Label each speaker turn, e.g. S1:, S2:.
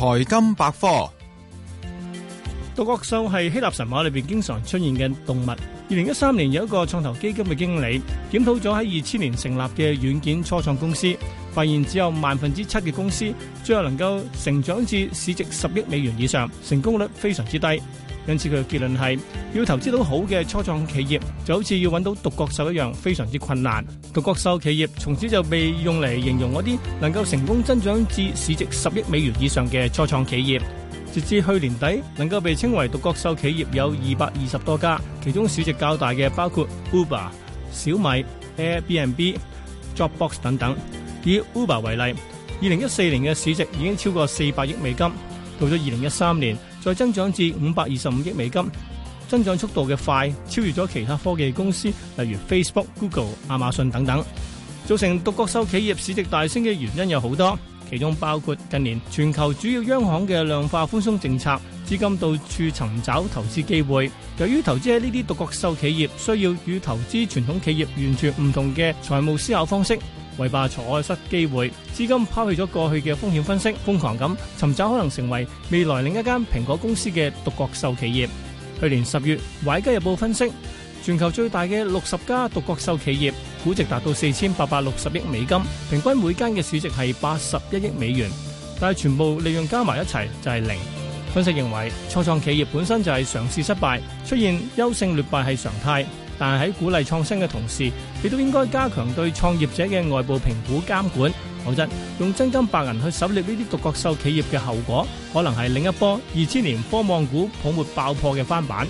S1: 財金百科，獨角獸係希臘神話裏邊經常出現嘅動物。二零一三年有一個創投基金嘅經理檢討咗喺二千年成立嘅軟件初創公司，發現只有萬分之七嘅公司最後能夠成長至市值十億美元以上，成功率非常之低。因此佢嘅結論係，要投資到好嘅初創企業，就好似要揾到獨角獸一樣，非常之困難。獨角獸企業從此就被用嚟形容嗰啲能夠成功增長至市值十億美元以上嘅初創企業。直至去年底，能夠被稱為獨角獸企業有二百二十多家，其中市值較大嘅包括 Uber、小米、Airbnb、Dropbox 等等。以 Uber 為例，二零一四年嘅市值已經超過四百億美金，到咗二零一三年。再增長至五百二十五億美金，增長速度嘅快超越咗其他科技公司，例如 Facebook、Google、亞馬遜等等。造成獨角獸企業市值大升嘅原因有好多，其中包括近年全球主要央行嘅量化寬鬆政策，資金到處尋找投資機會。由於投資喺呢啲獨角獸企業需要與投資傳統企業完全唔同嘅財務思考方式。為怕錯失機會，資金拋棄咗過去嘅風險分析，瘋狂咁尋找可能成為未來另一間蘋果公司嘅獨角獸企業。去年十月，《華爾街日報》分析，全球最大嘅六十家獨角獸企業，估值達到四千八百六十億美金，平均每間嘅市值係八十一億美元，但係全部利潤加埋一齊就係零。分析認為，初創企業本身就係嘗試失敗，出現優勝劣敗係常態。但係喺鼓勵創新嘅同時，亦都應該加強對創業者嘅外部評估監，監管，否則用真金白銀去狩獵呢啲獨角獸企業嘅後果，可能係另一波二千年科網股泡沫爆破嘅翻版。